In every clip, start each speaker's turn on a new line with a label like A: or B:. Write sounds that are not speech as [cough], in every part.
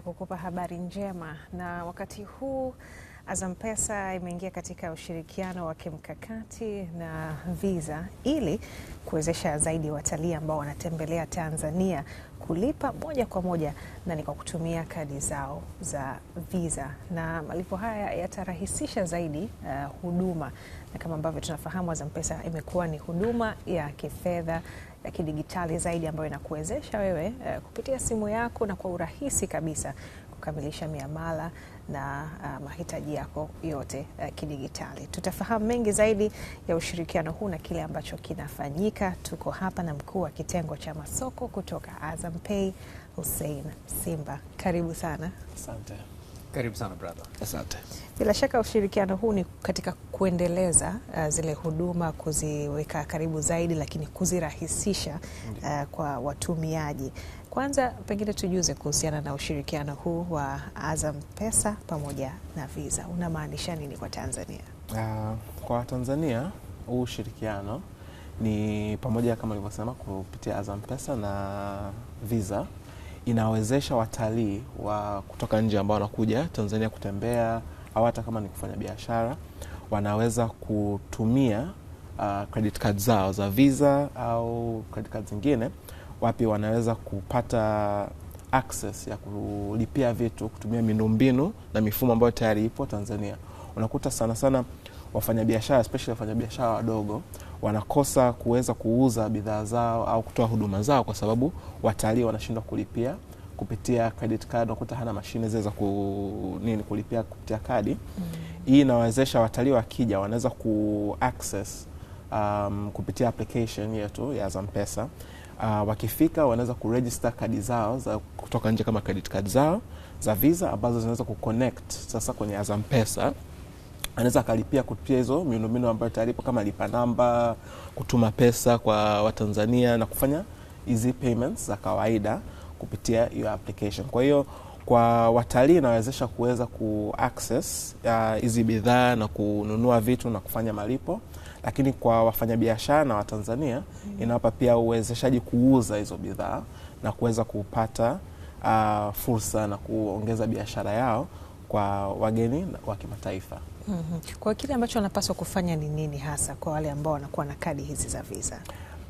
A: kukupa habari njema na wakati huu Azam Pesa imeingia katika ushirikiano wa kimkakati na Visa ili kuwezesha zaidi watalii ambao wanatembelea Tanzania kulipa moja kwa moja na ni kwa kutumia kadi zao za Visa, na malipo haya yatarahisisha zaidi uh, huduma na kama ambavyo tunafahamu Azam Pesa imekuwa ni huduma ya kifedha ya kidigitali zaidi ambayo inakuwezesha wewe uh, kupitia simu yako na kwa urahisi kabisa kukamilisha miamala na uh, mahitaji yako yote uh, kidigitali. Tutafahamu mengi zaidi ya ushirikiano huu na kile ambacho kinafanyika. Tuko hapa na mkuu wa kitengo cha masoko kutoka Azam Pay, Hussein Simba, karibu sana.
B: Asante.
C: Karibu sana brother.
B: Asante.
A: Bila shaka ushirikiano huu ni katika kuendeleza uh, zile huduma kuziweka karibu zaidi, lakini kuzirahisisha uh, kwa watumiaji. Kwanza pengine tujuze kuhusiana na ushirikiano huu wa Azam Pesa pamoja na Visa, unamaanisha nini kwa Tanzania?
D: Uh, kwa Tanzania huu ushirikiano ni pamoja kama ulivyosema kupitia Azam Pesa na Visa inawezesha watalii wa kutoka nje ambao wanakuja Tanzania kutembea au hata kama ni kufanya biashara, wanaweza kutumia uh, credit card zao za Visa au credit card zingine, wapi wanaweza kupata access ya kulipia vitu kutumia miundombinu na mifumo ambayo tayari ipo Tanzania. Unakuta sana sana wafanyabiashara especially wafanyabiashara wadogo wanakosa kuweza kuuza bidhaa zao au kutoa huduma zao kwa sababu watalii wanashindwa kulipia kupitia credit card, unakuta hana mashine zile za ku, nini kulipia kupitia kadi mm. Hii inawezesha watalii wakija wanaweza ku access um, kupitia application yetu ya Zampesa uh, wakifika wanaweza register kadi zao za kutoka nje kama credit card zao za Visa ambazo zinaweza connect sasa kwenye Zampesa anaweza akalipia kupitia hizo miundombinu ambayo tayaripo kama lipa namba, kutuma pesa kwa Watanzania na kufanya easy payments za kawaida kupitia hiyo application. Kwa hiyo kwa watalii inawezesha kuweza ku uh, hizi uh, bidhaa na kununua vitu na kufanya malipo, lakini kwa wafanyabiashara na Watanzania mm-hmm. inawapa pia uwezeshaji kuuza hizo bidhaa na kuweza kupata uh, fursa na kuongeza biashara yao kwa wageni wa kimataifa
A: mm -hmm. Kwa kile ambacho wanapaswa kufanya ni nini hasa kwa wale ambao wanakuwa na kadi hizi za visa?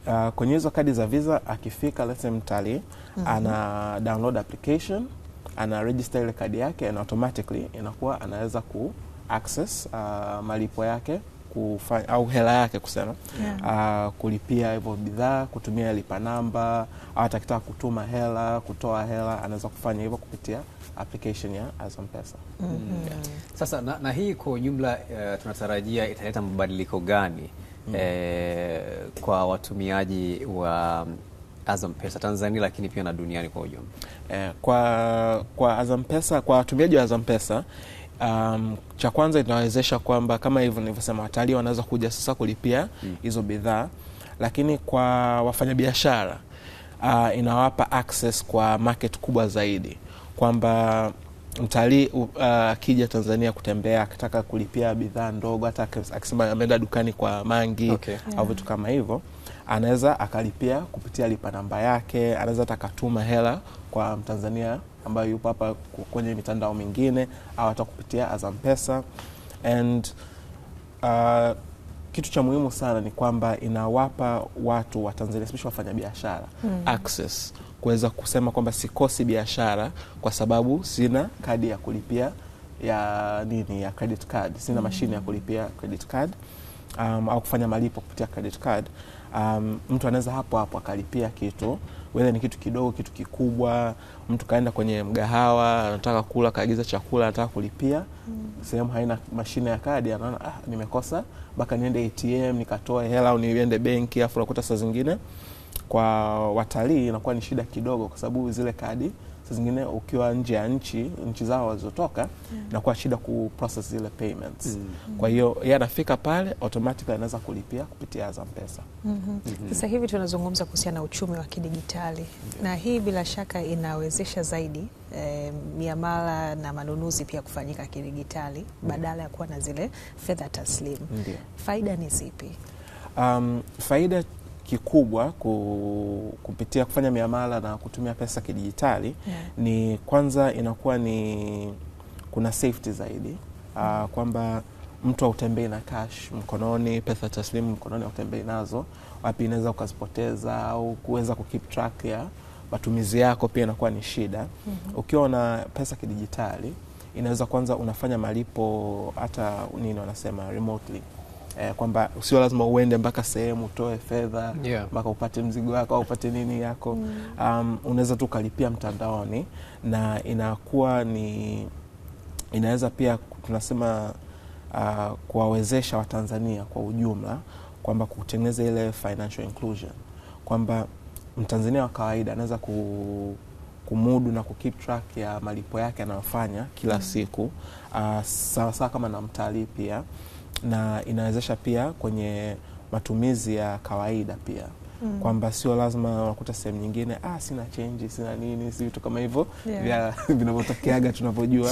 D: Uh, kwenye hizo kadi za visa akifika let's say mtalii mm -hmm. ana download application ana register ile kadi yake and automatically inakuwa anaweza ku access uh, malipo yake kufanya, au hela yake kusema yeah. uh, kulipia hivyo bidhaa kutumia lipa namba, hata akitaka kutuma hela, kutoa hela, anaweza kufanya hivyo kupitia application ya Azam Pesa.
C: Mm-hmm. mm -hmm. yeah. Sasa na, na hii kwa ujumla uh, tunatarajia italeta mabadiliko gani? mm -hmm. eh, kwa watumiaji wa Azam Pesa Tanzania lakini pia na duniani kwa ujumla.
D: Eh, kwa kwa Azam Pesa, kwa watumiaji wa Azam Pesa Um, cha kwanza inawezesha kwamba kama hivyo nilivyosema, watalii wanaweza kuja sasa kulipia hmm. hizo mm. bidhaa, lakini kwa wafanyabiashara uh, inawapa access kwa market kubwa zaidi kwamba mtalii uh, akija uh, Tanzania kutembea akitaka kulipia bidhaa ndogo, hata akisema ameenda dukani kwa mangi okay. yeah. au vitu kama hivyo, anaweza akalipia kupitia lipa namba yake, anaweza hata akatuma hela kwa Mtanzania ambayo yupo hapa kwenye mitandao mingine au hata kupitia Azam Pesa and uh, kitu cha muhimu sana ni kwamba inawapa watu wa Tanzania especially wafanyabiashara mm. access kuweza kusema kwamba sikosi biashara kwa sababu sina kadi ya kulipia ya nini ya credit card, sina hmm. mashine ya kulipia credit card um, au kufanya malipo kupitia credit card um, mtu anaweza hapo hapo akalipia kitu wedha ni kitu kidogo, kitu kikubwa. Mtu kaenda kwenye mgahawa, anataka kula, kaagiza chakula, anataka kulipia mm. sehemu haina mashine ya kadi, anaona ah, nimekosa mpaka niende ATM nikatoa hela au niende benki, afu nakuta saa zingine kwa watalii inakuwa ni shida kidogo, kwa sababu zile kadi saa zingine ukiwa nje ya nchi nchi zao walizotoka yeah. inakuwa shida ku process zile payments mm -hmm. kwa hiyo yeye anafika pale automatically anaweza kulipia kupitia Azam Pesa.
A: mm -hmm. mm -hmm. Sasa hivi tunazungumza kuhusiana na uchumi wa kidigitali yeah. na hii bila shaka inawezesha zaidi E, miamala na manunuzi pia kufanyika kidigitali mm. badala ya kuwa na zile fedha taslimu. Faida ni zipi?
D: Um, faida kikubwa ku, kupitia kufanya miamala na kutumia pesa kidijitali yeah. Ni kwanza inakuwa ni kuna safety zaidi uh, kwamba mtu hautembei na cash mkononi, pesa taslimu mkononi autembei nazo, wapi inaweza ukazipoteza au kuweza kukeep track ya matumizi yako pia inakuwa ni shida. mm -hmm. Ukiwa na pesa kidijitali inaweza kwanza unafanya malipo hata nini wanasema remotely eh, kwamba sio lazima uende mpaka sehemu utoe fedha yeah. mpaka upate mzigo wako au upate nini yako mm. um, unaweza tu ukalipia mtandaoni na inakuwa ni inaweza pia tunasema uh, kuwawezesha Watanzania kwa ujumla kwamba kutengeneza ile financial inclusion kwamba Mtanzania wa kawaida anaweza ku kumudu na kukeep track ya malipo yake anayofanya kila mm. siku uh, sawasawa kama na mtalii pia na inawezesha pia kwenye matumizi ya kawaida pia mm. kwamba sio lazima unakuta sehemu nyingine ah, sina chenji sina nini si vitu kama hivyo yeah. vya [laughs] vinavyotokeaga tunavyojua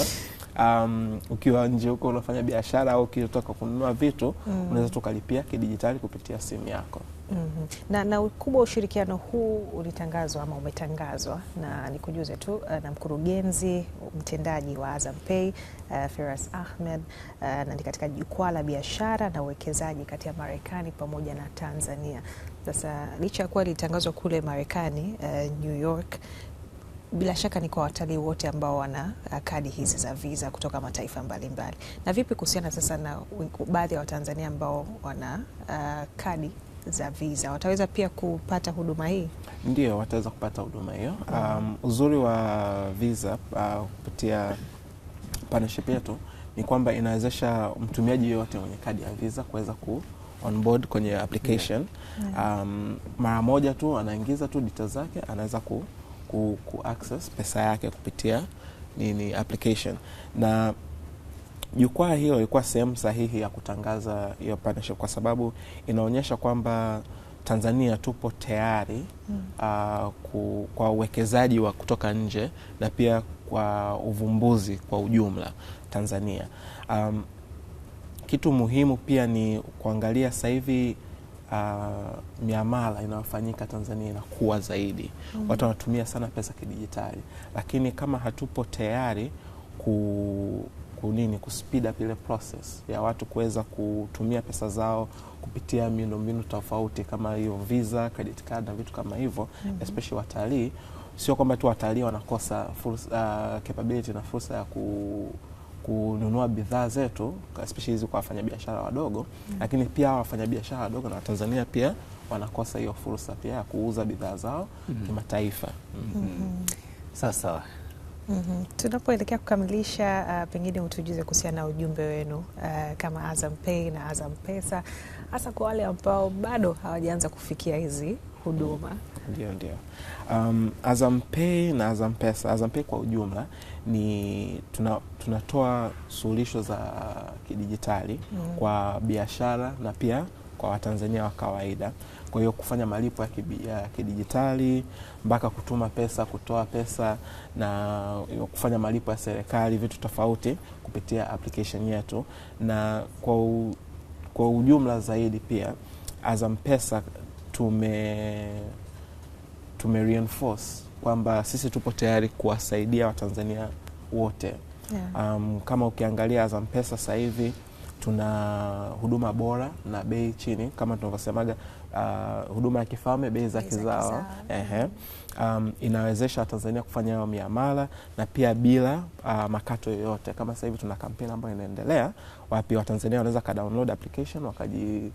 D: um, ukiwa nje huko unafanya biashara au ukitoka kununua vitu mm. unaweza tukalipia kidijitali kupitia simu yako.
A: Mm -hmm. Na, na ukubwa wa ushirikiano huu ulitangazwa ama umetangazwa na nikujuze tu uh, na mkurugenzi mtendaji wa Azam Pay uh, Firas Ahmed uh, na ni katika jukwaa la biashara na uwekezaji kati ya Marekani pamoja na Tanzania. Sasa licha ya kuwa lilitangazwa kule Marekani uh, New York bila shaka ni kwa watalii wote ambao wana uh, kadi hizi za visa kutoka mataifa mbalimbali mbali. Na vipi kuhusiana sasa na baadhi ya Watanzania ambao wana uh, kadi za visa wataweza pia kupata huduma hii?
D: Ndio, wataweza kupata huduma hiyo. Um, uzuri wa visa uh, kupitia uh, partnership yetu ni kwamba inawezesha mtumiaji yoyote mwenye kadi ya visa kuweza ku onboard kwenye application yeah. Um, mara moja tu anaingiza tu details zake anaweza ku ku, ku access pesa yake kupitia nini application na jukwaa hilo ilikuwa sehemu sahihi ya kutangaza hiyo partnership kwa sababu inaonyesha kwamba Tanzania tupo tayari mm. uh, ku, kwa uwekezaji wa kutoka nje na pia kwa uvumbuzi kwa ujumla Tanzania. Um, kitu muhimu pia ni kuangalia sasa hivi uh, miamala inayofanyika Tanzania inakuwa zaidi mm. Watu wanatumia sana pesa kidijitali, lakini kama hatupo tayari ku kunini speed up ile process ya watu kuweza kutumia pesa zao kupitia miundombinu tofauti kama hiyo visa, credit card na vitu kama hivyo mm -hmm. Especially watalii, sio kwamba tu watalii wanakosa fursa, uh, capability na fursa ya ku kununua bidhaa zetu especially hizi kwa wafanyabiashara wadogo mm. Lakini pia wafanyabiashara wadogo na Watanzania pia wanakosa hiyo fursa pia ya kuuza bidhaa zao mm. kimataifa
C: mm. mm -hmm. Sawa
A: Mm -hmm. Tunapoelekea kukamilisha uh, pengine utujuze kuhusiana na ujumbe wenu uh, kama Azam Pay na Azam Pesa hasa kwa wale ambao bado hawajaanza kufikia hizi huduma.
D: Ndio, ndio. Um, Azampay na Azampesa. azampei kwa ujumla ni tuna, tunatoa suhulisho za kidijitali mm. kwa biashara na pia kwa Watanzania wa kawaida. Kwa hiyo kufanya malipo ya kidijitali mpaka kutuma pesa, kutoa pesa na kufanya malipo ya serikali, vitu tofauti kupitia application yetu, na kwa, u, kwa ujumla zaidi pia Azampesa tume tume kwamba sisi tupo tayari kuwasaidia Watanzania wote yeah. Um, kama ukiangalia Azam Pesa hivi tuna huduma bora na bei chini kama tunavyosemaga, uh, huduma ya kifalme, bei za kizawa Um, inawezesha Watanzania kufanya hayo miamala na pia bila uh, makato yoyote. Kama sahivi hivi tuna kampeni ambayo inaendelea, wapi Watanzania wanaweza ka download application wakaji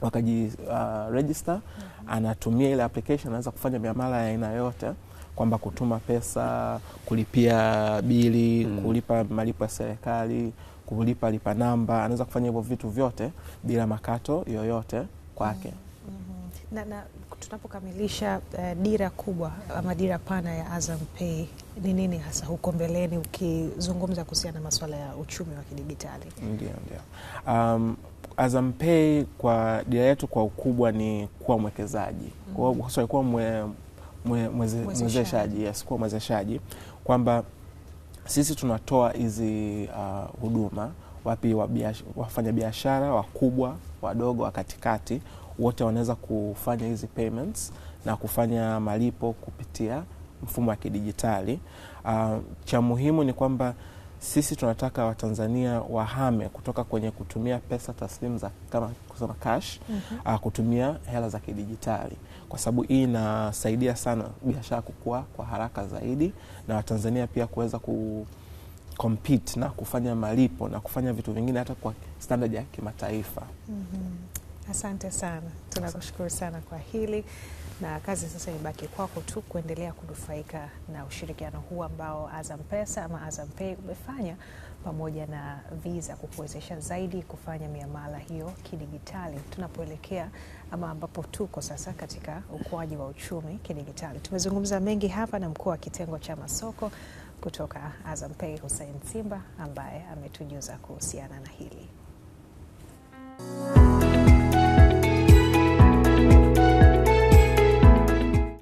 D: wakaji uh, register mm -hmm. Anatumia ile application, anaweza kufanya miamala ya aina yote kwamba kutuma pesa, kulipia bili mm -hmm. kulipa malipo ya serikali, kulipa lipa namba, anaweza kufanya hivyo vitu vyote bila makato yoyote kwake
A: mm -hmm. na, na tunapokamilisha uh, dira kubwa ama dira pana ya Azam Pay ni nini hasa huko mbeleni, ukizungumza kuhusiana na masuala ya uchumi wa kidijitali?
D: Ndio, ndio um, Azam Pay kwa dira yetu kwa ukubwa ni kuwa mwekezaji mm. kwa, mm-hmm. kuwa mwe, mwe, mweze, mwezeshaji yes, kuwa mwezeshaji kwamba sisi tunatoa hizi uh, huduma wapi wafanya biashara wakubwa wadogo wa katikati wote wanaweza kufanya hizi payments na kufanya malipo kupitia mfumo wa kidijitali. Uh, cha muhimu ni kwamba sisi tunataka Watanzania wahame kutoka kwenye kutumia pesa taslimu za kama kusema cash mm -hmm. uh, kutumia hela za kidijitali, kwa sababu hii inasaidia sana biashara kukua kwa haraka zaidi na Watanzania pia kuweza ku compete na kufanya malipo na kufanya vitu vingine hata kwa standard ya kimataifa.
A: mm -hmm. Asante sana, tunakushukuru sana kwa hili na kazi sasa imebaki kwako tu kuendelea kunufaika na ushirikiano huu ambao Azam Pesa ama Azam Pay umefanya pamoja na Visa kukuwezesha zaidi kufanya miamala hiyo kidigitali, tunapoelekea ama ambapo tuko sasa katika ukuaji wa uchumi kidigitali. Tumezungumza mengi hapa na mkuu wa kitengo cha masoko kutoka Azam Pay Hussein Simba ambaye ametujuza kuhusiana na hili.